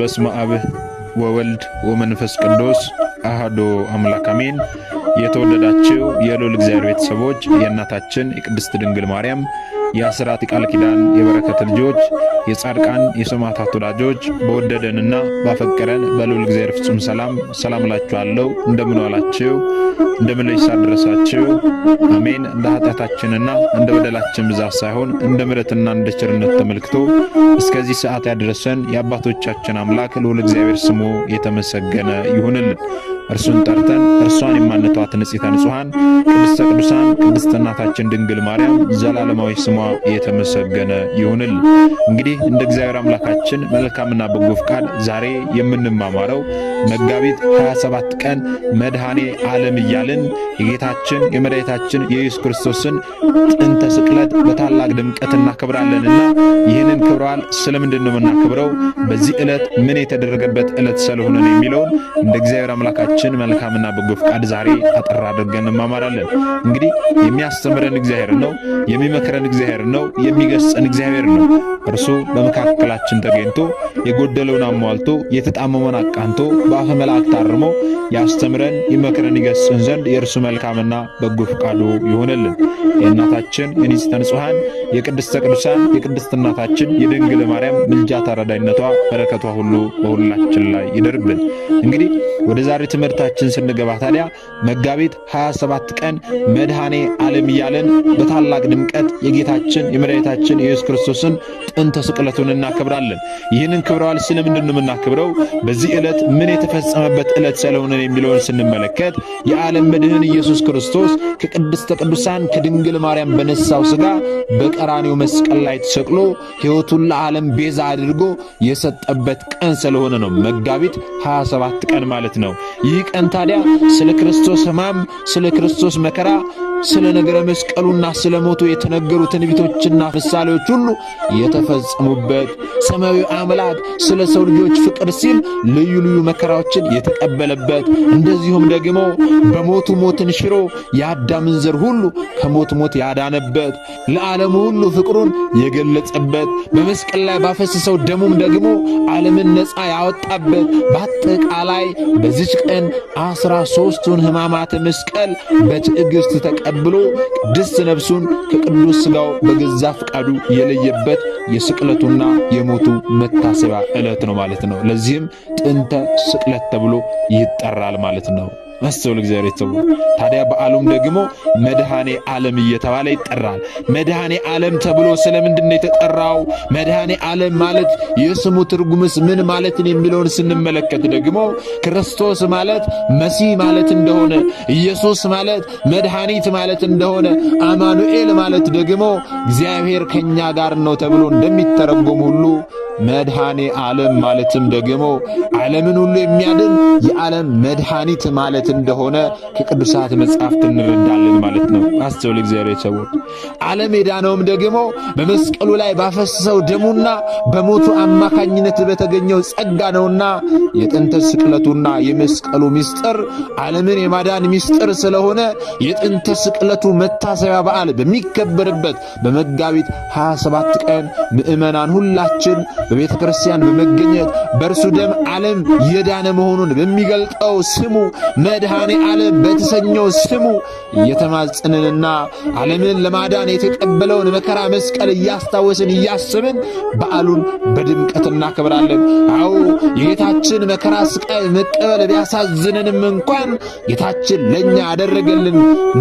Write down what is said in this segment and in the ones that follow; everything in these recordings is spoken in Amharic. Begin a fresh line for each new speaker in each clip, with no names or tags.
በስመ አብ ወወልድ ወመንፈስ ቅዱስ አህዶ አምላክ አሜን። የተወደዳችሁ የልዑል እግዚአብሔር ቤተሰቦች የእናታችን የቅድስት ድንግል ማርያም የአስራት ቃል ኪዳን የበረከት ልጆች፣ የጻድቃን የሰማዕታት ወዳጆች በወደደንና ባፈቀረን በልዑል እግዚአብሔር ፍጹም ሰላም ሰላም እላችኋለሁ። እንደምን ዋላችሁ? እንደምን ለይሳ አሜን። እንደ ኃጢአታችንና እንደ በደላችን ብዛት ሳይሆን እንደ ምሕረትና እንደ ቸርነት ተመልክቶ እስከዚህ ሰዓት ያደረሰን የአባቶቻችን አምላክ ልዑል እግዚአብሔር ስሙ የተመሰገነ ይሁንልን። እርሱን ጠርተን እርሷን የማንተዋት ንጽሕተ ንጹሐን ቅድስተ ቅዱሳን ቅድስት እናታችን ድንግል ማርያም ዘላለማዊ ስሟ የተመሰገነ ይሁንል። እንግዲህ እንደ እግዚአብሔር አምላካችን መልካምና በጎ ፍቃድ ዛሬ የምንማማረው መጋቢት 27 ቀን መድኃኔ ዓለም እያልን የጌታችን የመድኃኒታችን የኢየሱስ ክርስቶስን ጥንተ ስቅለት በታላቅ ድምቀት እናከብራለንና ይህንን ክብረ በዓል ስለምንድን ነው የምናክብረው? በዚህ ዕለት ምን የተደረገበት ዕለት ስለሆነ ነው የሚለውን እንደ እግዚአብሔር አምላካችን የአምላካችን መልካምና በጎ ፍቃድ ዛሬ አጠር አድርገን እንማማራለን። እንግዲህ የሚያስተምረን እግዚአብሔር ነው፣ የሚመክረን እግዚአብሔር ነው፣ የሚገስጸን እግዚአብሔር ነው። እርሱ በመካከላችን ተገኝቶ የጎደለውን አሟልቶ የተጣመመን አቃንቶ በአፈ መልአክ ታርሞ ያስተምረን፣ ይመክረን፣ ይገስጽን ዘንድ የእርሱ መልካምና በጎ ፍቃዱ ይሆነልን። የእናታችን የንጽሕተ ንጹሐን የቅድስተ ቅዱሳን የቅድስት እናታችን የድንግል ማርያም ምልጃ ተረዳይነቷ በረከቷ ሁሉ በሁላችን ላይ ይደርብን። እንግዲህ ወደ ዛሬ ትምህርታችን ስንገባ ታዲያ መጋቢት 27 ቀን መድኃኔ ዓለም እያለን በታላቅ ድምቀት የጌታችን የመድኃኒታችን የኢየሱስ ክርስቶስን ጥንተ ስቅለቱን እናከብራለን። ይህንን ክብረ በዓል ስለምንድን ነው የምናከብረው? በዚህ ዕለት ምን የተፈጸመበት ዕለት ስለሆነ የሚለውን ስንመለከት የዓለም መድህን ኢየሱስ ክርስቶስ ከቅድስተ ቅዱሳን ከድንግል ማርያም በነሳው ሥጋ በቀራኔው መስቀል ላይ ተሰቅሎ ሕይወቱን ለዓለም ቤዛ አድርጎ የሰጠበት ቀን ስለሆነ ነው መጋቢት 27 ቀን ማለት ነው። ይህ ቀን ታዲያ ስለ ክርስቶስ ሕማም፣ ስለ ክርስቶስ መከራ፣ ስለ ነገረ መስቀሉና ስለ ሞቱ የተነገሩ ትንቢቶችና ምሳሌዎች ሁሉ የተፈጸሙበት ሰማያዊ አምላክ ስለ ሰው ልጆች ፍቅር ሲል ልዩ ልዩ መከራዎችን የተቀበለበት እንደዚሁም ደግሞ በሞቱ ሞትን ሽሮ የአዳምን ዘር ሁሉ ከሞት ሞት ያዳነበት ለዓለሙ ሁሉ ፍቅሩን የገለጸበት በመስቀል ላይ ባፈሰሰው ደሙም ደግሞ ዓለምን ነፃ ያወጣበት በአጠቃላይ በዚች ቀን ዘመን አስራ ሦስቱን ሕማማተ መስቀል በትዕግሥት ተቀብሎ ቅድስት ነፍሱን ከቅዱስ ሥጋው በገዛ ፈቃዱ የለየበት የስቅለቱና የሞቱ መታሰቢያ ዕለት ነው ማለት ነው። ለዚህም ጥንተ ስቅለት ተብሎ ይጠራል ማለት ነው። መስሎ እግዚአብሔር የተሰው ታዲያ በዓሉም ደግሞ መድኃኔ ዓለም እየተባለ ይጠራል። መድኃኔ ዓለም ተብሎ ስለምንድን ነው የተጠራው? መድኃኔ ዓለም ማለት የስሙ ትርጉምስ ምን ማለትን የሚለውን ስንመለከት ደግሞ ክርስቶስ ማለት መሲህ ማለት እንደሆነ፣ ኢየሱስ ማለት መድኃኒት ማለት እንደሆነ፣ አማኑኤል ማለት ደግሞ እግዚአብሔር ከኛ ጋር ነው ተብሎ እንደሚተረጎም ሁሉ መድኃኔ ዓለም ማለትም ደግሞ ዓለምን ሁሉ የሚያድን የዓለም መድኃኒት ማለት እንደሆነ ከቅዱሳት መጽሐፍት እንረዳለን ማለት ነው። አስተውል እግዚአብሔር ሰዎች ዓለም የዳነውም ደግሞ በመስቀሉ ላይ ባፈሰሰው ደሙና በሞቱ አማካኝነት በተገኘው ጸጋ ነውና የጥንተ ስቅለቱና የመስቀሉ ምስጢር ዓለምን የማዳን ምስጢር ስለሆነ የጥንተ ስቅለቱ መታሰቢያ በዓል በሚከበርበት በመጋቢት 27 ቀን ምእመናን ሁላችን በቤተ ክርስቲያን በመገኘት በእርሱ ደም ዓለም የዳነ መሆኑን በሚገልጠው ስሙ መድኃኔ ዓለም በተሰኘው ስሙ እየተማጽንንና ዓለምን ለማዳን የተቀበለውን መከራ መስቀል እያስታወስን እያስብን በዓሉን በድምቀት እናከብራለን። አዎ የጌታችን መከራ ስቃይ መቀበል ቢያሳዝንንም እንኳን ጌታችን ለእኛ ያደረገልን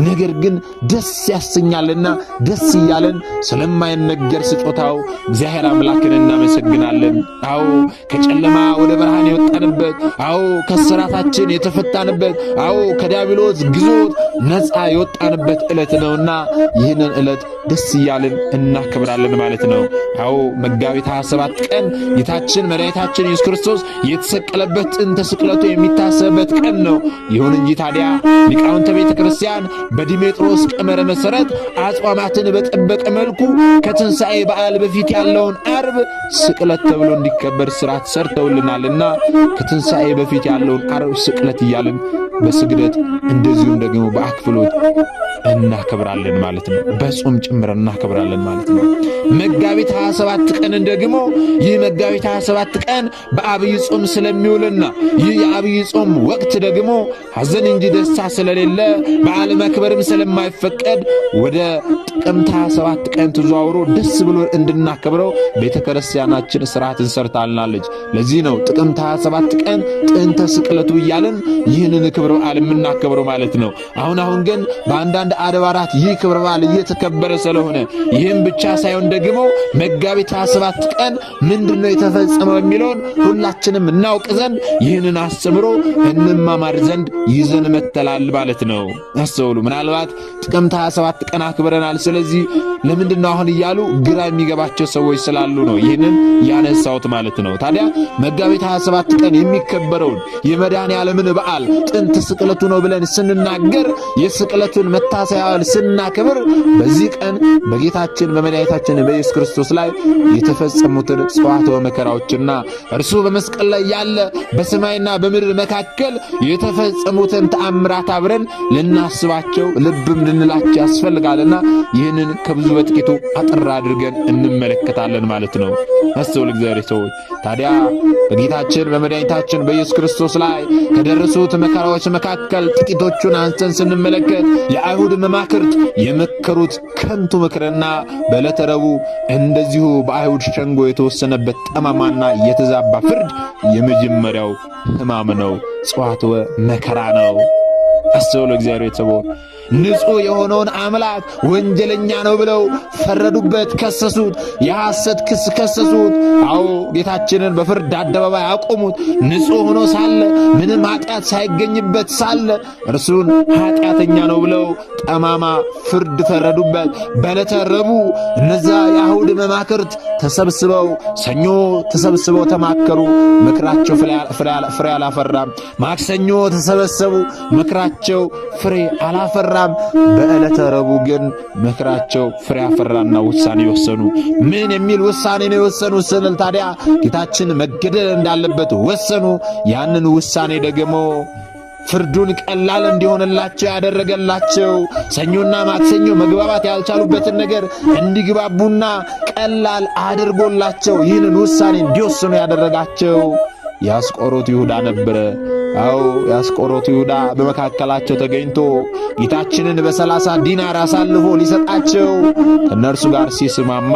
ነገር ግን ደስ ያሰኛልና ደስ እያለን ስለማይነገር ስጦታው እግዚአብሔር አምላክን እናመሰግናለን። አዎ ከጨለማ ወደ ብርሃን የወጣንበት፣ አዎ ከስራታችን የተፈታንበት፣ አዎ ከዲያብሎስ ግዞት ነፃ የወጣንበት ዕለት ነውና ይህንን ዕለት ደስ እያልን እናከብራለን ማለት ነው። ያው መጋቢት 27 ቀን ጌታችን መድኃኒታችን ኢየሱስ ክርስቶስ የተሰቀለበት ጥንተ ስቅለቱ የሚታሰብበት ቀን ነው። ይሁን እንጂ ታዲያ ሊቃውንተ ቤተ ክርስቲያን በዲሜጥሮስ ቀመረ መሠረት አጽዋማትን በጠበቀ መልኩ ከትንሣኤ በዓል በፊት ያለውን አርብ ስቅለት ተብሎ እንዲከበር ሥርዓት ሰርተውልናልና ከትንሣኤ በፊት ያለውን አርብ ስቅለት እያልን በስግደት እንደዚሁም ደግሞ በአክፍሎት እናከብራለን ማለት ነው። በጾም ጭምር እናከብራለን ማለት ነው። መጋቢት 27 ቀንን ደግሞ ይህ መጋቢት 27 ቀን በአብይ ጾም ስለሚውልና ይህ የአብይ ጾም ወቅት ደግሞ ሐዘን እንጂ ደስታ ስለሌለ በዓል መክበርም ስለማይፈቀድ ወደ ጥቅምት 27 ቀን ተዘዋውሮ ደስ ብሎ እንድናከብረው ቤተ ክርስቲያናችን ስርዓትን ሰርታልናለች። ለዚህ ነው ጥቅምት 27 ቀን ጥንተ ስቅለቱ እያልን ይህንን ክብረ በዓል የምናከብረው ማለት ነው። አሁን አሁን ግን በአንዳንድ በአንዳንድ አድባራት ይህ ክብረ በዓል እየተከበረ ስለሆነ ይህም ብቻ ሳይሆን ደግሞ መጋቢት 27 ቀን ምንድነው የተፈጸመው የሚለውን ሁላችንም እናውቅ ዘንድ ይህንን አስተምሮ እንማማር ዘንድ ይዘን መተላል ማለት ነው። አስተውሉ። ምናልባት ጥቅምት 27 ቀን አክብረናል፣ ስለዚህ ለምንድነው አሁን እያሉ ግራ የሚገባቸው ሰዎች ስላሉ ነው ይህንን ያነሳሁት ማለት ነው። ታዲያ መጋቢት 27 ቀን የሚከበረውን የመድኃኔ ዓለምን በዓል ጥንት ስቅለቱ ነው ብለን ስንናገር የስቅለቱን መታ ቅዳሴ ያህል ስናከብር በዚህ ቀን በጌታችን በመድኃኒታችን በኢየሱስ ክርስቶስ ላይ የተፈጸሙትን ጽዋትወ መከራዎችና እርሱ በመስቀል ላይ ያለ በሰማይና በምድር መካከል የተፈጸሙትን ተአምራት አብረን ልናስባቸው ልብም ልንላቸው ያስፈልጋልና ይህንን ከብዙ በጥቂቱ አጥር አድርገን እንመለከታለን ማለት ነው። አስተውል እግዚአብሔር ሰዎች። ታዲያ በጌታችን በመድኃኒታችን በኢየሱስ ክርስቶስ ላይ ከደረሱት መከራዎች መካከል ጥቂቶቹን አንስተን ስንመለከት የአይሁድ አይሁድ መማክርት የመከሩት ከንቱ ምክርና በዕለተ ረቡዕ እንደዚሁ በአይሁድ ሸንጎ የተወሰነበት ጠማማና የተዛባ ፍርድ የመጀመሪያው ሕማም ነው፣ ጽዋትወ መከራ ነው። አስተውሎ እግዚአብሔር የተቦ ንጹሕ የሆነውን አምላክ ወንጀለኛ ነው ብለው ፈረዱበት፣ ከሰሱት፣ የሐሰት ክስ ከሰሱት። አዎ ጌታችንን በፍርድ አደባባይ አቆሙት። ንጹሕ ሆኖ ሳለ ምንም ኃጢአት ሳይገኝበት ሳለ እርሱን ኃጢአተኛ ነው ብለው ጠማማ ፍርድ ፈረዱበት። በለተረቡ እነዛ የአይሁድ መማክርት ተሰብስበው ሰኞ ተሰብስበው ተማከሩ፣ ምክራቸው ፍሬ አላፈራም። ማክሰኞ ተሰበሰቡ፣ ምክራቸው ፍሬ አላፈራም። በዕለተ ረቡዕ ግን ምክራቸው ፍሬ አፈራና ውሳኔ ወሰኑ። ምን የሚል ውሳኔ ነው የወሰኑ ስንል ታዲያ ጌታችን መገደል እንዳለበት ወሰኑ። ያንን ውሳኔ ደግሞ ፍርዱን ቀላል እንዲሆንላቸው ያደረገላቸው ሰኞና ማክሰኞ መግባባት ያልቻሉበትን ነገር እንዲግባቡና ቀላል አድርጎላቸው ይህንን ውሳኔ እንዲወስኑ ያደረጋቸው የአስቆሮቱ ይሁዳ ነበረ። አዎ የአስቆሮቱ ይሁዳ በመካከላቸው ተገኝቶ ጌታችንን በሰላሳ ዲናር አሳልፎ ሊሰጣቸው ከእነርሱ ጋር ሲስማማ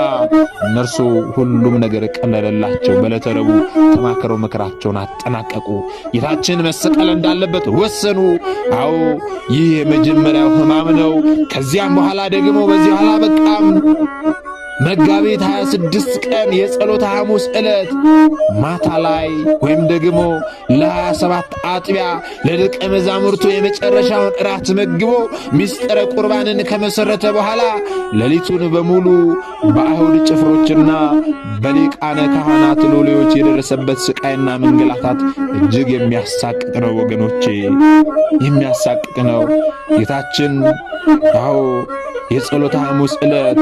እነርሱ ሁሉም ነገር ቀለለላቸው። በዕለተ ረቡዕ ተማክረው ምክራቸውን አጠናቀቁ። ጌታችን መሰቀል እንዳለበት ወሰኑ። አዎ ይህ የመጀመሪያው ሕማም ነው። ከዚያም በኋላ ደግሞ በዚህ በኋላ በቃም መጋቢት 26 ቀን የጸሎተ ሐሙስ ዕለት ማታ ላይ ወይም ደግሞ ለ27 አጥቢያ ለደቀ መዛሙርቱ የመጨረሻውን እራት መግቦ ምስጢረ ቁርባንን ከመሠረተ በኋላ ሌሊቱን በሙሉ በአይሁድ ጭፍሮችና በሊቃነ ካህናት ሎሌዎች የደረሰበት ሥቃይና መንገላታት እጅግ የሚያሳቅቅ ነው። ወገኖቼ የሚያሳቅቅ ነው። ጌታችን አዎ የጸሎተ ሐሙስ ዕለት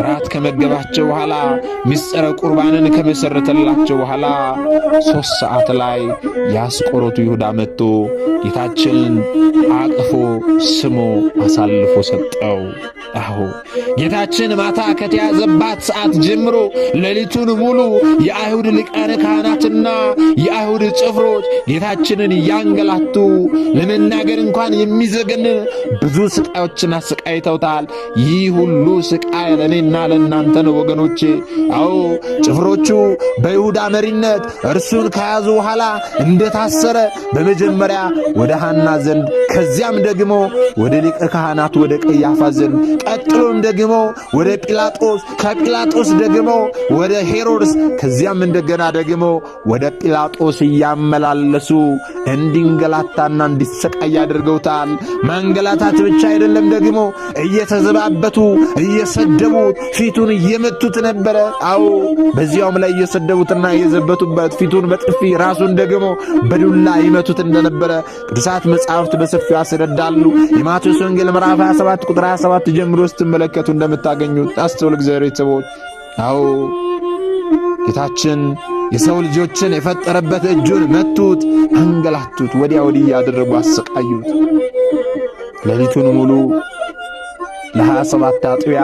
እራት ከመገባቸው በኋላ ምስጢረ ቁርባንን ከመሰረተላቸው በኋላ ሦስት ሰዓት ላይ የአስቆሮቱ ይሁዳ መጥቶ ጌታችንን አቅፎ ስሞ አሳልፎ ሰጠው። አሁ ጌታችን ማታ ከተያዘባት ሰዓት ጀምሮ ሌሊቱን ሙሉ የአይሁድ ሊቃነ ካህናትና የአይሁድ ጭፍሮች ጌታችንን እያንገላቱ ለመናገር እንኳን የሚዘገንን ብዙ ስቃዮችን አሰቃይተውታል። ይህ ሁሉ ስቃይ ለእኔ ለእኔና ለእናንተ ነው ወገኖቼ። አዎ ጭፍሮቹ በይሁዳ መሪነት እርሱን ከያዙ በኋላ እንደታሰረ በመጀመሪያ ወደ ሐና ዘንድ ከዚያም ደግሞ ወደ ሊቀ ካህናት ወደ ቀያፋ ዘንድ ቀጥሎም ደግሞ ወደ ጲላጦስ ከጲላጦስ ደግሞ ወደ ሄሮድስ ከዚያም እንደገና ደግሞ ወደ ጲላጦስ እያመላለሱ እንዲንገላታና እንዲሰቃይ አድርገውታል። ማንገላታት ብቻ አይደለም፣ ደግሞ እየተዘባበቱ እየሰደቡ አድርገውት ፊቱን እየመቱት ነበረ። አዎ በዚያውም ላይ እየሰደቡትና እየዘበቱበት ፊቱን በጥፊ ራሱን ደግሞ በዱላ ይመቱት እንደነበረ ቅዱሳት መጻሕፍት በሰፊው ያስረዳሉ። የማቴዎስ ወንጌል ምዕራፍ 27 ቁጥር 27 ጀምሮ ስትመለከቱ እንደምታገኙት አስተውል። እግዚአብሔር ቤተሰቦች፣ አዎ ጌታችን የሰው ልጆችን የፈጠረበት እጁን መቱት፣ አንገላቱት፣ ወዲያ ወዲህ እያደረጉ አሰቃዩት። ሌሊቱን ሙሉ ለ27 አጥቢያ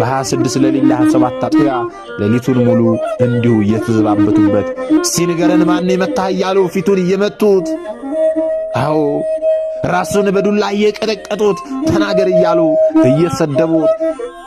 በ26 ሌሊት ለ27 አጥቢያ ሌሊቱን ሙሉ እንዲሁ እየተዘባበቱበት ሲንገረን ማን የመታህ እያሉ ፊቱን እየመቱት አዎ ራሱን በዱላ እየቀጠቀጡት ተናገር እያሉ እየሰደቡት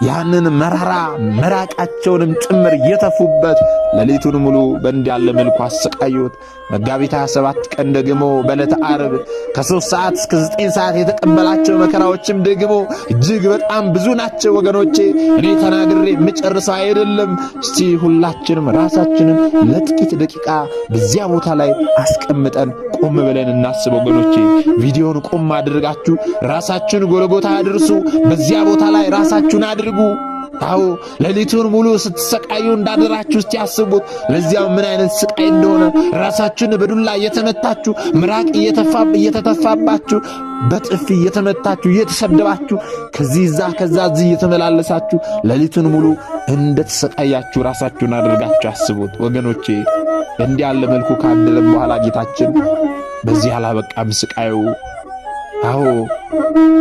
ያንን መራራ መራቃቸውንም ጭምር እየተፉበት ሌሊቱን ሙሉ በእንዲህ ያለ መልኩ አሰቃዩት። መጋቢት 27 ቀን ደግሞ በዕለተ ዓርብ ከሦስት ሰዓት እስከ ዘጠኝ ሰዓት የተቀበላቸው መከራዎችም ደግሞ እጅግ በጣም ብዙ ናቸው ወገኖቼ። እኔ ተናግሬ የምጨርሰው አይደለም። እስቲ ሁላችንም ራሳችንን ለጥቂት ደቂቃ በዚያ ቦታ ላይ አስቀምጠን ቆም ብለን እናስብ ወገኖቼ ቪዲዮን ቆም አድርጋችሁ ራሳችሁን ጎለጎታ አድርሱ። በዚያ ቦታ ላይ ራሳችሁን አድርጉ። አዎ ሌሊቱን ሙሉ ስትሰቃዩ እንዳደራችሁ እስቲ ያስቡት። ለዚያም ምን አይነት ስቃይ እንደሆነ ራሳችሁን በዱላ እየተመታችሁ፣ ምራቅ እየተተፋባችሁ፣ በጥፊ እየተመታችሁ፣ እየተሰደባችሁ፣ ከዚህ እዛ ከዛ እዚህ እየተመላለሳችሁ ሌሊቱን ሙሉ እንደተሰቃያችሁ ራሳችሁን አድርጋችሁ አስቡት ወገኖቼ። እንዲህ ያለ መልኩ ካደረም በኋላ ጌታችን በዚህ አላበቃም ስቃዩ አዎ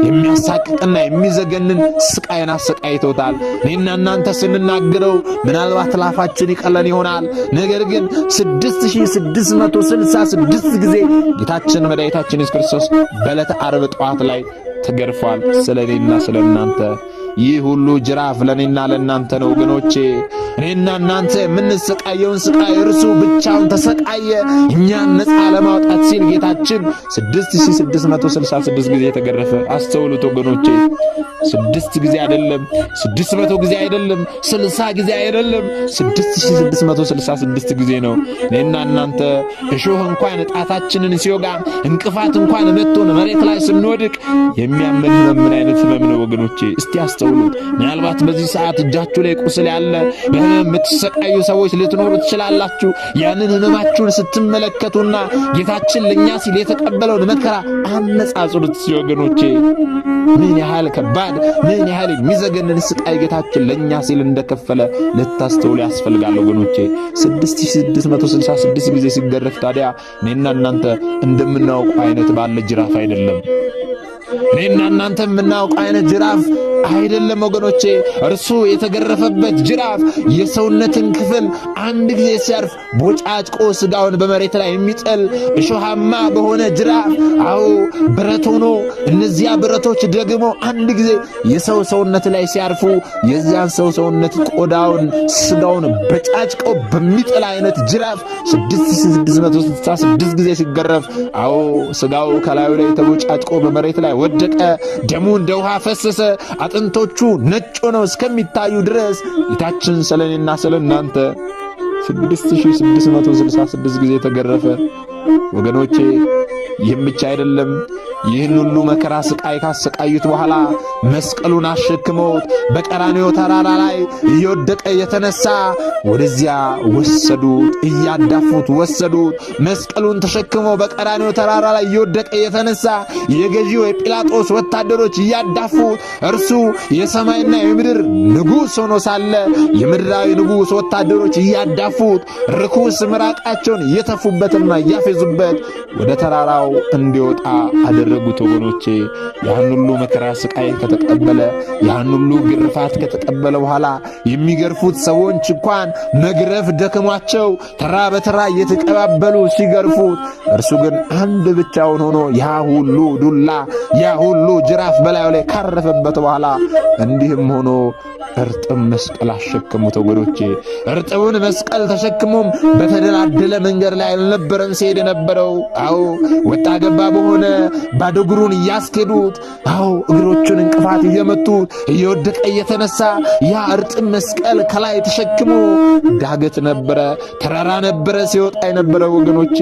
የሚያሳቅቅና የሚዘገንን ስቃይን አሰቃይቶታል። እኔና እናንተ ስንናገረው ምናልባት ላፋችን ይቀለን ይሆናል። ነገር ግን 6666 ጊዜ ጌታችን መድኃኒታችን ኢየሱስ ክርስቶስ በዕለተ ዓርብ ጠዋት ላይ ተገርፏል፣ ስለ እኔና ስለ እናንተ። ይህ ሁሉ ጅራፍ ለእኔና ለእናንተ ነው ወገኖቼ። እኔና እናንተ የምንሰቃየውን ስቃይ እርሱ ብቻውን ተሰቃየ እኛን ነፃ ለማውጣት ሲል ጌታችን 6666 ጊዜ የተገረፈ። አስተውሉት ወገኖቼ፣ ስድስት ጊዜ አይደለም፣ ስድስት መቶ ጊዜ አይደለም፣ ስልሳ ጊዜ አይደለም፣ 6666 ጊዜ ነው። እኔና እናንተ እሾህ እንኳን ጣታችንን ሲወጋ እንቅፋት እንኳን መቶን መሬት ላይ ስንወድቅ የሚያመን ህመም ምን አይነት ህመም ነው ወገኖቼ? እስቲ አስተውሉት። ምናልባት በዚህ ሰዓት እጃችሁ ላይ ቁስል ያለ የምትሰቃዩ ሰዎች ልትኖሩ ትችላላችሁ። ያንን ህመማችሁን ስትመለከቱና ጌታችን ለእኛ ሲል የተቀበለውን መከራ አነጻጽሩት። ወገኖቼ ምን ያህል ከባድ ምን ያህል የሚዘገንን ስቃይ ጌታችን ለእኛ ሲል እንደከፈለ ልታስተውሉ ያስፈልጋል ወገኖቼ። 6666 ጊዜ ሲገረፍ ታዲያ እኔና እናንተ እንደምናውቀው አይነት ባለ ጅራፍ አይደለም። እኔና እናንተ የምናውቀው አይነት ጅራፍ አይደለም ወገኖቼ። እርሱ የተገረፈበት ጅራፍ የሰውነትን ክፍል አንድ ጊዜ ሲያርፍ ቦጫጭቆ ሥጋውን በመሬት ላይ የሚጥል እሾሃማ በሆነ ጅራፍ፣ አዎ ብረት ሆኖ እነዚያ ብረቶች ደግሞ አንድ ጊዜ የሰው ሰውነት ላይ ሲያርፉ የዚያን ሰው ሰውነት ቆዳውን፣ ሥጋውን በጫጭቆ በሚጥል አይነት ጅራፍ 6666 ጊዜ ሲገረፍ፣ አዎ ሥጋው ከላዩ ላይ ተቦጫጭቆ በመሬት ላይ ወደቀ። ደሙ እንደ ውሃ ፈሰሰ። አጥንቶቹ ነጭ ሆነው እስከሚታዩ ድረስ ጌታችን ስለ እኔና ስለ እናንተ 6666 ጊዜ ተገረፈ። ወገኖቼ ይህም ብቻ አይደለም። ይህን ሁሉ መከራ ስቃይ ካሰቃዩት በኋላ መስቀሉን አሸክመውት በቀራንዮ ተራራ ላይ እየወደቀ እየተነሳ ወደዚያ ወሰዱት፣ እያዳፉት ወሰዱት። መስቀሉን ተሸክሞ በቀራንዮ ተራራ ላይ እየወደቀ እየተነሳ የገዢው የጲላጦስ ወታደሮች እያዳፉት፣ እርሱ የሰማይና የምድር ንጉሥ ሆኖ ሳለ የምድራዊ ንጉሥ ወታደሮች እያዳፉት፣ ርኩስ ምራቃቸውን እየተፉበትና እያፌዙበት ወደ ተራራው እንዲወጣ አደ ያደረጉት ወገኖቼ ያን ሁሉ መከራ ስቃይ ከተቀበለ ያን ሁሉ ግርፋት ከተቀበለ በኋላ የሚገርፉት ሰዎች እንኳን መግረፍ ደክሟቸው ተራ በተራ እየተቀባበሉ ሲገርፉት፣ እርሱ ግን አንድ ብቻውን ሆኖ ያ ሁሉ ዱላ ያ ሁሉ ጅራፍ በላዩ ላይ ካረፈበት በኋላ እንዲህም ሆኖ እርጥብ መስቀል አሸከሙት። ወገኖቼ እርጥቡን መስቀል ተሸክሞም በተደላደለ መንገድ ላይ አልነበረም ሲሄድ የነበረው። አዎ ወጣ ገባ በሆነ ባዶ እግሩን እያስኬዱት፣ አዎ እግሮቹን እንቅፋት እየመቱት እየወደቀ እየተነሳ ያ እርጥብ መስቀል ከላይ ተሸክሞ ዳገት ነበረ፣ ተራራ ነበረ ሲወጣ የነበረ ወገኖቼ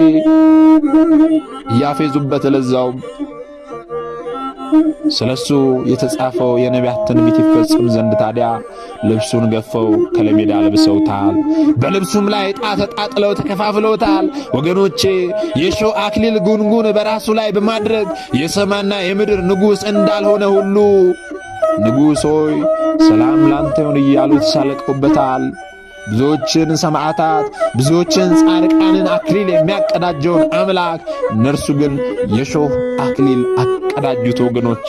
እያፌዙበት ለዛውም ስለሱ የተጻፈው የነቢያት ትንቢት ይፈጽም ዘንድ ታዲያ ልብሱን ገፈው ከለሜዳ ለብሰውታል። በልብሱም ላይ ዕጣ ተጣጥለው ተከፋፍለውታል። ወገኖቼ የሾህ አክሊል ጉንጉን በራሱ ላይ በማድረግ የሰማና የምድር ንጉሥ እንዳልሆነ ሁሉ ንጉሥ ሆይ ሰላም ላንተ ይሁን እያሉ ተሳለቀውበታል። ብዙዎችን ሰማዕታት ብዙዎችን ጻድቃንን አክሊል የሚያቀዳጀውን አምላክ እነርሱ ግን የሾህ አክሊል ተቀዳጁት ወገኖቼ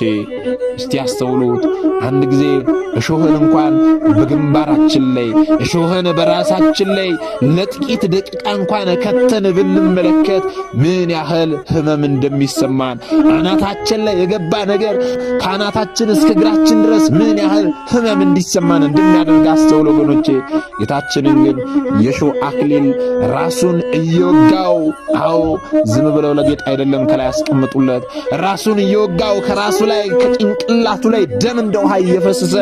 እስቲ ያስተውሉት። አንድ ጊዜ እሾህን እንኳን በግንባራችን ላይ እሾህን በራሳችን ላይ ለጥቂት ደቂቃ እንኳን ከተን ብንመለከት ምን ያህል ህመም እንደሚሰማን አናታችን ላይ የገባ ነገር ከአናታችን እስከ እግራችን ድረስ ምን ያህል ህመም እንዲሰማን እንደሚያደርግ አስተውሎ ወገኖቼ። ጌታችንን ግን የእሾህ አክሊል ራሱን እየወጋው አዎ፣ ዝም ብለው ለጌጥ አይደለም ከላይ ያስቀምጡለት ራሱን እየወጋው ከራሱ ላይ ከጭንቅ ጭንቅላቱ ላይ ደም እንደ ውሃ እየፈሰሰ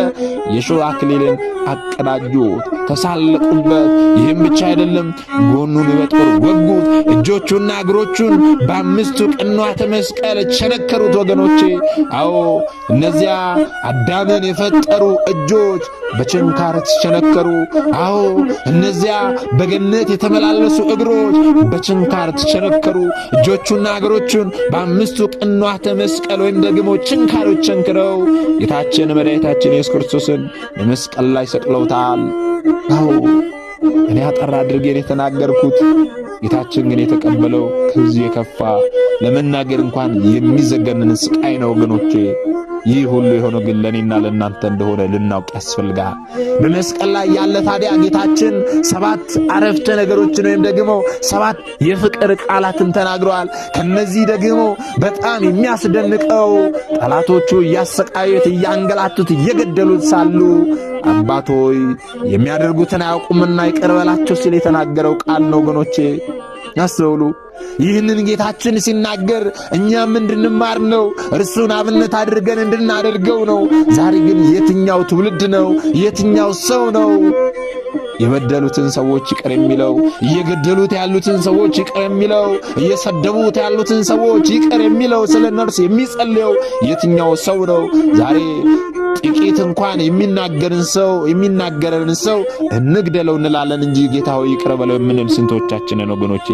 የእሾህ አክሊልን አቀዳጁት፣ ተሳለቁበት። ይህም ብቻ አይደለም፣ ጎኑን በጦር ወጉት፣ እጆቹና እግሮቹን በአምስቱ ቅንዋተ መስቀል ቸነከሩት። ወገኖቼ፣ አዎ እነዚያ አዳምን የፈጠሩ እጆች በችንካር ተቸነከሩ። አዎ እነዚያ በገነት የተመላለሱ እግሮች በችንካር ተቸነከሩ። እጆቹና እግሮቹን በአምስቱ ቅንዋተ መስቀል ወይም ደግሞ ችንካሮች ቸንከሩ አስመስክረው ጌታችን መድኃኒታችን ኢየሱስ ክርስቶስን በመስቀል ላይ ሰቅለውታል። አዎ እኔ አጠር አድርጌን የተናገርኩት ጌታችን ግን የተቀበለው ከዚህ የከፋ ለመናገር እንኳን የሚዘገንን ስቃይ ነው ወገኖቼ። ይህ ሁሉ የሆነው ግን ለእኔና ለእናንተ እንደሆነ ልናውቅ ያስፈልጋል። በመስቀል ላይ ያለ ታዲያ ጌታችን ሰባት አረፍተ ነገሮችን ወይም ደግሞ ሰባት የፍቅር ቃላትን ተናግረዋል። ከነዚህ ደግሞ በጣም የሚያስደንቀው ጠላቶቹ እያሰቃዩት፣ እያንገላቱት፣ እየገደሉት ሳሉ አባቶይ የሚያደርጉትን አያውቁምና ይቅር በላቸው ሲል የተናገረው ቃል ነው ወገኖቼ። ያስተውሉ። ይህንን ጌታችን ሲናገር እኛም እንድንማር ነው፣ እርሱን አብነት አድርገን እንድናደርገው ነው። ዛሬ ግን የትኛው ትውልድ ነው? የትኛው ሰው ነው የበደሉትን ሰዎች ይቅር የሚለው እየገደሉት ያሉትን ሰዎች ይቅር የሚለው እየሰደቡት ያሉትን ሰዎች ይቅር የሚለው ስለ እነርሱ የሚጸልየው የትኛው ሰው ነው? ዛሬ ጥቂት እንኳን የሚናገርን ሰው የሚናገረን ሰው እንግደለው እንላለን እንጂ ጌታ ሆይ ይቅር በለው የምንል ስንቶቻችንን? ወገኖቼ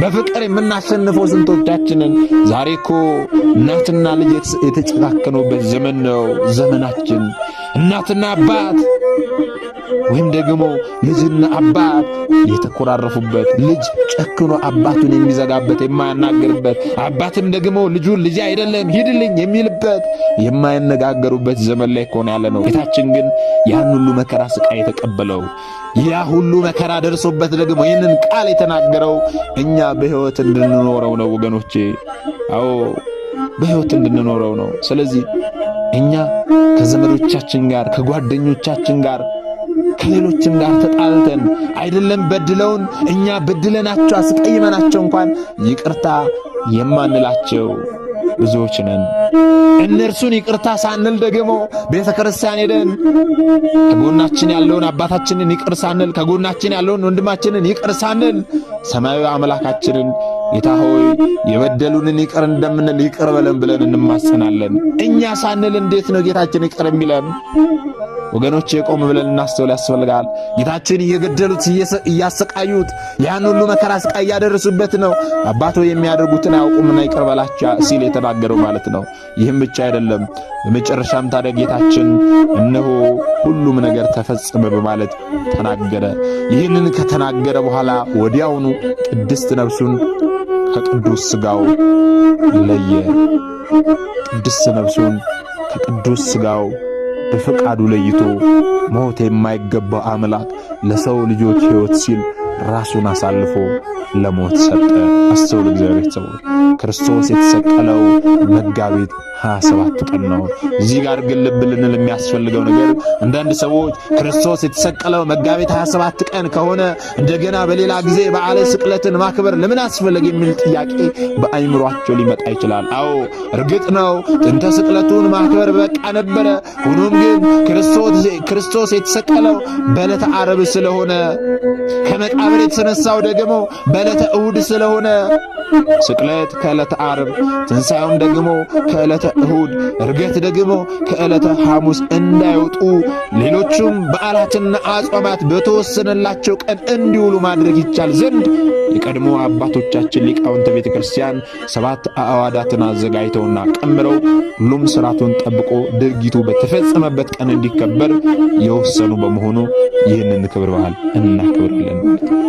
በፍቅር የምናሸንፈው ስንቶቻችንን? ዛሬ እኮ እናትና ልጅ የተጨካከኑበት ዘመን ነው ዘመናችን። እናትና አባት ወይም ደግሞ ልጅና አባት የተኮራረፉበት ልጅ ጨክኖ አባቱን የሚዘጋበት የማያናግርበት አባትም ደግሞ ልጁን ልጅ አይደለም ሂድልኝ የሚልበት የማይነጋገሩበት ዘመን ላይ ከሆነ ያለ ነው። ጌታችን ግን ያን ሁሉ መከራ ስቃይ የተቀበለው ያ ሁሉ መከራ ደርሶበት ደግሞ ይህንን ቃል የተናገረው እኛ በሕይወት እንድንኖረው ነው ወገኖቼ። አዎ በሕይወት እንድንኖረው ነው። ስለዚህ እኛ ከዘመዶቻችን ጋር ከጓደኞቻችን ጋር ከሌሎችም ጋር ተጣልተን አይደለም በድለውን እኛ በድለናቸው አስቀይመናቸው እንኳን ይቅርታ የማንላቸው ብዙዎች ነን። እነርሱን ይቅርታ ሳንል ደግሞ ቤተ ክርስቲያን ሄደን ከጎናችን ያለውን አባታችንን ይቅር ሳንል ከጎናችን ያለውን ወንድማችንን ይቅር ሳንል ሰማያዊ አምላካችንን ጌታ ሆይ የበደሉንን ይቅር እንደምንል ይቅር በለን ብለን እንማሰናለን። እኛ ሳንል እንዴት ነው ጌታችን ይቅር የሚለን? ወገኖች ቆም ብለን እናስተውል ያስፈልጋል። ጌታችን እየገደሉት እያሰቃዩት፣ ያን ሁሉ መከራ ስቃይ እያደረሱበት ነው። አባቶ የሚያደርጉትን አያውቁምና ይቅር በላቸው ሲል የተናገረው ማለት ነው። ይህም ብቻ አይደለም። በመጨረሻም ታዲያ ጌታችን እነሆ ሁሉም ነገር ተፈጸመ በማለት ተናገረ። ይህንን ከተናገረ በኋላ ወዲያውኑ ቅድስት ነፍሱን ከቅዱስ ስጋው ለየ። ቅድስት ነፍሱን ከቅዱስ ስጋው በፈቃዱ ለይቶ ሞት የማይገባው አምላክ ለሰው ልጆች ሕይወት ሲል ራሱን አሳልፎ ለሞት ሰጠ። አስተውል እግዚአብሔር ሰዎች ክርስቶስ የተሰቀለው መጋቢት 27 ቀን ነው። እዚህ ጋር ግን ልብ ልንል የሚያስፈልገው ነገር አንዳንድ ሰዎች ክርስቶስ የተሰቀለው መጋቢት 27 ቀን ከሆነ እንደገና በሌላ ጊዜ በዓለ ስቅለትን ማክበር ለምን አስፈለገ የሚል ጥያቄ በአይምሯቸው ሊመጣ ይችላል። አዎ እርግጥ ነው ጥንተ ስቅለቱን ማክበር በቃ ነበረ። ሆኖም ግን ክርስቶስ የተሰቀለው በዕለተ ዓርብ ስለሆነ ከመቃብር የተነሳው ደግሞ ዕለተ እሑድ ስለሆነ ስቅለት ከዕለተ ዓርብ፣ ትንሣኤውም ደግሞ ከዕለተ እሁድ፣ እርገት ደግሞ ከዕለተ ሐሙስ እንዳይወጡ ሌሎቹም በዓላትና አጽዋማት በተወሰነላቸው ቀን እንዲውሉ ማድረግ ይቻል ዘንድ የቀድሞ አባቶቻችን ሊቃውንተ ቤተ ክርስቲያን ሰባት አዕዋዳትን አዘጋጅተውና ቀምረው ሁሉም ስርዓቱን ጠብቆ ድርጊቱ በተፈጸመበት ቀን እንዲከበር የወሰኑ በመሆኑ ይህንን ክብር በዓል እናክብርለን ማለት ነው።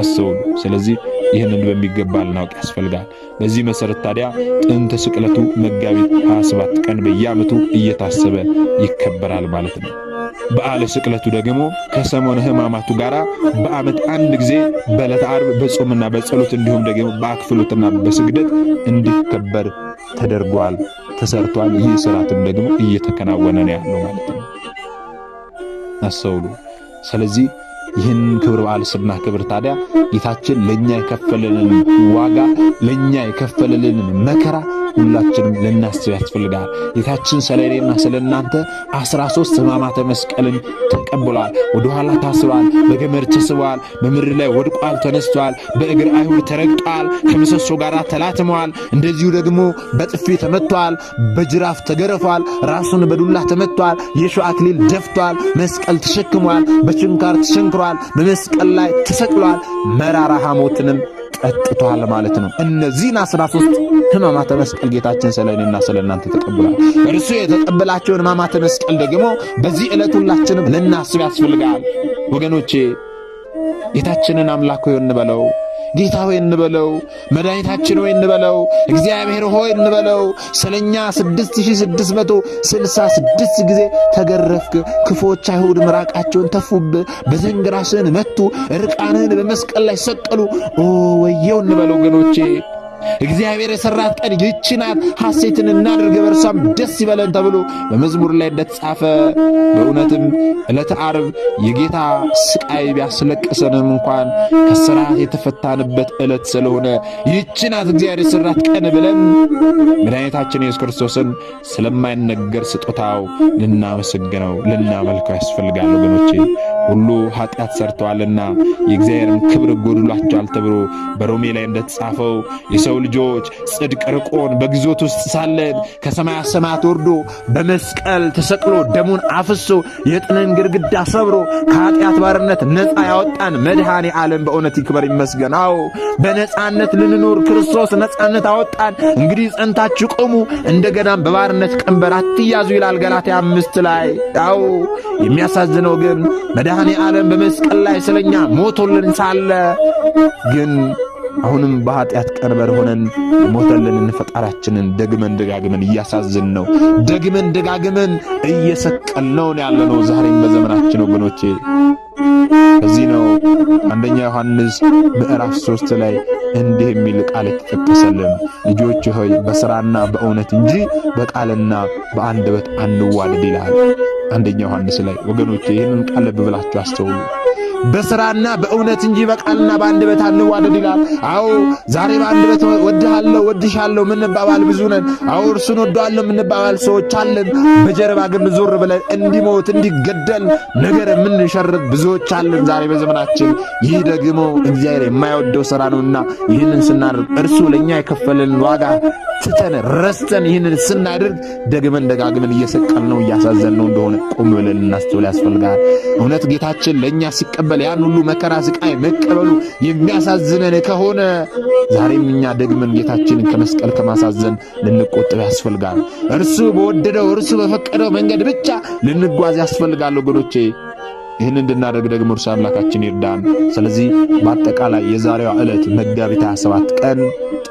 አስቡ። ስለዚህ ይህንን በሚገባ ልናውቅ ያስፈልጋል። በዚህ መሰረት ታዲያ ጥንተ ስቅለቱ መጋቢት 27 ቀን በየዓመቱ እየታሰበ ይከበራል ማለት ነው። በዓለ ስቅለቱ ደግሞ ከሰሞነ ሕማማቱ ጋር በዓመት አንድ ጊዜ በዕለተ ዓርብ በጾምና በጸሎት እንዲሁም ደግሞ በአክፍሎትና በስግደት እንዲከበር ተደርጓል፣ ተሰርቷል። ይህ ስርዓትም ደግሞ እየተከናወነ ነው ያለው ማለት ነው። አስተውሉ። ስለዚህ ይህን ክብር በዓል ስብና ክብር ታዲያ ጌታችን ለእኛ የከፈለልን ዋጋ ለእኛ የከፈለልን መከራ ሁላችንም ልናስብ ያስፈልጋል። ጌታችን ስለ እኔና ስለ እናንተ አስራ ሶስት ሕማማተ መስቀልን ተቀብሏል። ወደኋላ ታስሯል፣ በገመድ ተስቧል፣ በምድር ላይ ወድቋል፣ ተነስቷል፣ በእግር አይሁድ ተረግጧል፣ ከምሰሶ ጋር ተላትሟል። እንደዚሁ ደግሞ በጥፊ ተመቷል፣ በጅራፍ ተገረፏል፣ ራሱን በዱላ ተመቷል፣ የሾህ አክሊል ደፍቷል፣ መስቀል ተሸክሟል፣ በችንካር ተሸንክሯል፣ በመስቀል ላይ ተሰቅሏል። መራራ ሐሞትንም ጠጥቷል ማለት ነው። እነዚህን አስራ ሶስት ህማማተ መስቀል ጌታችን ስለ እኔና ስለ እናንተ ተቀብሏል። እርሱ የተቀበላቸውን ህማማተ መስቀል ደግሞ በዚህ ዕለት ሁላችንም ልናስብ ያስፈልጋል ወገኖቼ ጌታችንን አምላክ ሆይ እንበለው። ጌታ ሆይ እንበለው፣ መድኃኒታችን ሆይ እንበለው፣ እግዚአብሔር ሆይ እንበለው። ስለኛ 6666 ጊዜ ተገረፍክ። ክፎች አይሁድ ምራቃቸውን ተፉብ፣ በዘንግ ራስህን መቱ፣ ዕርቃንህን በመስቀል ላይ ሰቀሉ። ኦ ወየው እንበለው ወገኖቼ እግዚአብሔር የሰራት ቀን ይህች ናት፣ ሐሴትን እናድርግ በእርሷም ደስ ይበለን ተብሎ በመዝሙር ላይ እንደተጻፈ በእውነትም ዕለተ ዓርብ የጌታ ስቃይ ቢያስለቅሰንም እንኳን ከሥራ የተፈታንበት ዕለት ስለሆነ ይህች ናት እግዚአብሔር የሰራት ቀን ብለን መድኃኒታችን ኢየሱስ ክርስቶስን ስለማይነገር ስጦታው ልናመሰግነው ልናመልከው ያስፈልጋል ወገኖቼ። ሁሉ ኃጢአት ሰርተዋልና የእግዚአብሔርን ክብር ጎድሏቸዋል ተብሎ በሮሜ ላይ እንደተጻፈው የሰው የሰው ልጆች ጽድቅ ርቆን በግዞት ውስጥ ሳለን ከሰማያት ሰማያት ወርዶ በመስቀል ተሰቅሎ ደሙን አፍሶ የጥልን ግድግዳ ሰብሮ ከኃጢአት ባርነት ነፃ ያወጣን መድኃኔ ዓለም በእውነት ይክበር ይመስገን። አዎ በነፃነት ልንኖር ክርስቶስ ነፃነት አወጣን። እንግዲህ ጸንታችሁ ቆሙ፣ እንደገናም በባርነት ቀንበር አትያዙ ይላል ገላትያ አምስት ላይ። አዎ የሚያሳዝነው ግን መድኃኔ ዓለም በመስቀል ላይ ስለኛ ሞቶልን ሳለ ግን አሁንም በኃጢአት ቀንበር ሆነን ሞተልንን ፈጣሪያችንን ደግመን ደጋግመን እያሳዝን ነው፣ ደግመን ደጋግመን እየሰቀልነውን ነው። ዛሬም በዘመናችን ወገኖቼ። እዚህ ነው አንደኛ ዮሐንስ ምዕራፍ ሦስት ላይ እንዲህ የሚል ቃል የተጠቀሰልን፣ ልጆች ሆይ በሥራና በእውነት እንጂ በቃልና በአንደበት አንዋደድ ይላል። አንደኛ ዮሐንስ ላይ ወገኖቼ ይህንን ቃል ልብ ብላችሁ አስተውሉ። በስራና በእውነት እንጂ በቃልና በአንድ በት አንዋደድ ይላል። አዎ ዛሬ በአንድ በት ወድሃለሁ፣ ወድሻለሁ ምንባባል ብዙ ነን። አዎ እርሱን ወደዋለሁ ምንባባል ሰዎች አለን። በጀርባ ግን ዞር ብለን እንዲሞት እንዲገደል ነገር የምንሸርብ ብዙዎች አለን ዛሬ በዘመናችን። ይህ ደግሞ እግዚአብሔር የማይወደው ስራ ነውና ይህንን ስናደርግ እርሱ ለእኛ የከፈለን ዋጋ ትተን ረስተን ይህንን ስናደርግ ደግመን ደጋግመን እያሳዘን ነው እንደሆነ ቁም ብለን እናስተውል ያስፈልጋል። እውነት ጌታችን ለእኛ ሲቀበል መቀበል ያን ሁሉ መከራ ስቃይ መቀበሉ የሚያሳዝነን ከሆነ ዛሬም እኛ ደግመን ጌታችንን ከመስቀል ከማሳዘን ልንቆጠብ ያስፈልጋል። እርሱ በወደደው እርሱ በፈቀደው መንገድ ብቻ ልንጓዝ ያስፈልጋል ወገኖቼ። ይህን እንድናደርግ ደግሞ እርሱ አምላካችን ይርዳን። ስለዚህ በአጠቃላይ የዛሬዋ ዕለት መጋቢት 27 ቀን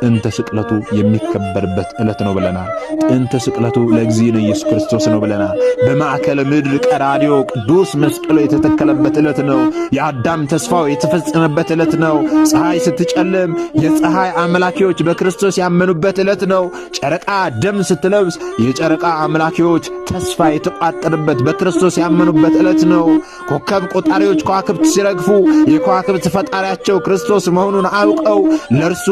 ጥንተ ስቅለቱ የሚከበርበት ዕለት ነው ብለናል። ጥንተ ስቅለቱ ለእግዚእነ ኢየሱስ ክርስቶስ ነው ብለናል። በማዕከለ ምድር ቀራንዮ ቅዱስ መስቀሉ የተተከለበት ዕለት ነው። የአዳም ተስፋው የተፈጸመበት ዕለት ነው። ፀሐይ ስትጨልም የፀሐይ አምላኪዎች በክርስቶስ ያመኑበት ዕለት ነው። ጨረቃ ደም ስትለብስ የጨረቃ አምላኪዎች ተስፋ የተቋጠርበት በክርስቶስ ያመኑበት ዕለት ነው። ኮከብ ቆጣሪዎች ከዋክብት ሲረግፉ የከዋክብት ፈጣሪያቸው ክርስቶስ መሆኑን አውቀው ለእርሱ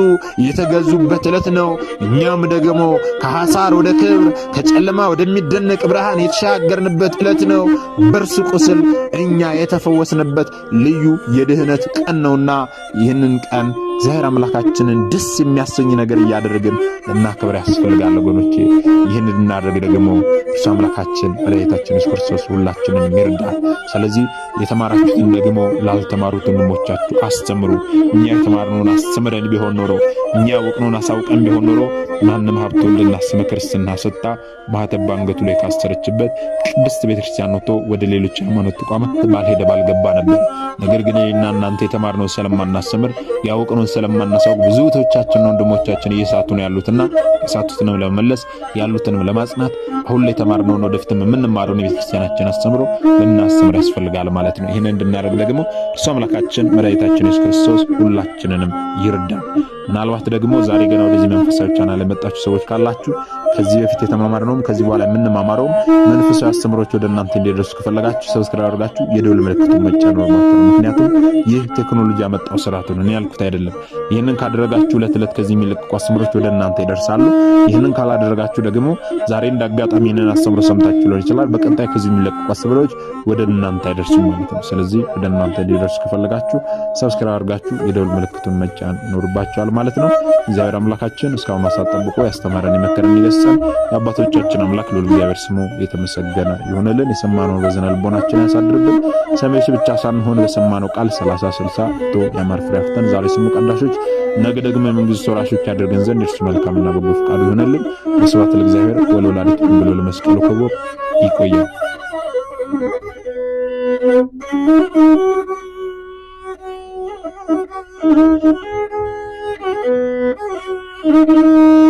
የተገዙበት ዕለት ነው። እኛም ደግሞ ከሐሳር ወደ ክብር ከጨለማ ወደሚደነቅ ብርሃን የተሻገርንበት ዕለት ነው። በእርሱ ቁስል እኛ የተፈወስንበት ልዩ የድህነት ቀን ነውና ይህንን ቀን እግዚአብሔር አምላካችንን ደስ የሚያሰኝ ነገር እያደረግን ልናከብር ያስፈልጋል ወገኖቼ። ይህን ልናደርግ ደግሞ እርሱ አምላካችን መድኃኒታችን ኢየሱስ ክርስቶስ ሁላችንን ይርዳል። ስለዚህ የተማራችሁትን ደግሞ ላልተማሩት ወንድሞቻችሁ አስተምሩ። እኛ የተማርነውን አስተምረን ቢሆን ኖሮ እኛ ያወቅነውን አሳውቀን ቢሆን ኖሮ ማንም ሀብተወልድ ስመ ክርስትና ሰጥታ ማኅተብ በአንገቱ ላይ ካሰረችበት ቅድስት ቤተክርስቲያን ወጥቶ ወደ ሌሎች ሃይማኖት ተቋማት ባልሄደ ባልገባ ነበር። ነገር ግን እኔና እናንተ የተማርነውን ስለማናስተምር ያወቅነውን ስለማናሳውቅ ብዙ እህቶቻችንና ወንድሞቻችን እየሳቱ ነው ያሉትና የሳቱትንም ለመመለስ ያሉትንም ለማጽናት አሁን ላይ የተማርነውን ወደፊትም የምንማረውን የቤተክርስቲያናችን አስተምሮ ልናስተምር ያስፈልጋል ማለት ነው። ይህን እንድናደርግ ደግሞ እርሱ አምላካችን መድኃኒታችን ኢየሱስ ክርስቶስ ሁላችንንም ይርዳል። ምናልባት ደግሞ ዛሬ ገና ወደዚህ መንፈሳዊ ቻናል የመጣችሁ ሰዎች ካላችሁ ከዚህ በፊት የተማማርነውም ከዚህ በኋላ የምንማማረውም መንፈሳዊ አስተምሮች ወደ እናንተ እንዲደርሱ ከፈለጋችሁ ሰብስክራይብ አድርጋችሁ የደውል ምልክቱን መጫን ነው። ምክንያቱም ይህ ቴክኖሎጂ ያመጣው ስርዓት ነው፣ እኔ ያልኩት አይደለም። ይህንን ካደረጋችሁ ዕለት ዕለት ከዚህ የሚለቀቁ አስተምሮች ወደ እናንተ ይደርሳሉ። ይህንን ካላደረጋችሁ ደግሞ ዛሬ እንደ አጋጣሚ ይህንን አስተምሮ ሰምታችሁ ሊሆን ይችላል። በቀጣይ ከዚህ የሚለቀቁ አስተምሮች ወደ እናንተ አይደርሱም ማለት ነው። ስለዚህ ወደ እናንተ እንዲደርሱ ከፈለጋችሁ ሰብስክራይብ አድርጋችሁ የደውል ምልክቱን መጫን ይኖርባችኋል። ማለት ነው። እግዚአብሔር አምላካችን እስካሁን ሰዓት ጠብቆ ያስተማረን የመከረን ይገሰን የአባቶቻችን አምላክ ልዑል እግዚአብሔር ስሙ የተመሰገነ ይሆንልን። የሰማነው በዝነ ልቦናችን ያሳድርብን። ሰሜሽ ብቻ ሳንሆን ለሰማነው ቃል ሰላሳ ስልሳ ቶ ያማር ፍሬ አፍርተን ዛሬ ስሙ ቀዳሾች፣ ነገ ደግሞ የመንግሥቱ ወራሾች ያደርገን ዘንድ እርሱ መልካምና በጎ ፈቃዱ ይሆንልን። ስብሐት ለእግዚአብሔር ወለወላዲቱ ብሎ ለመስቀሉ ክቡር ይቆያል። Thank you.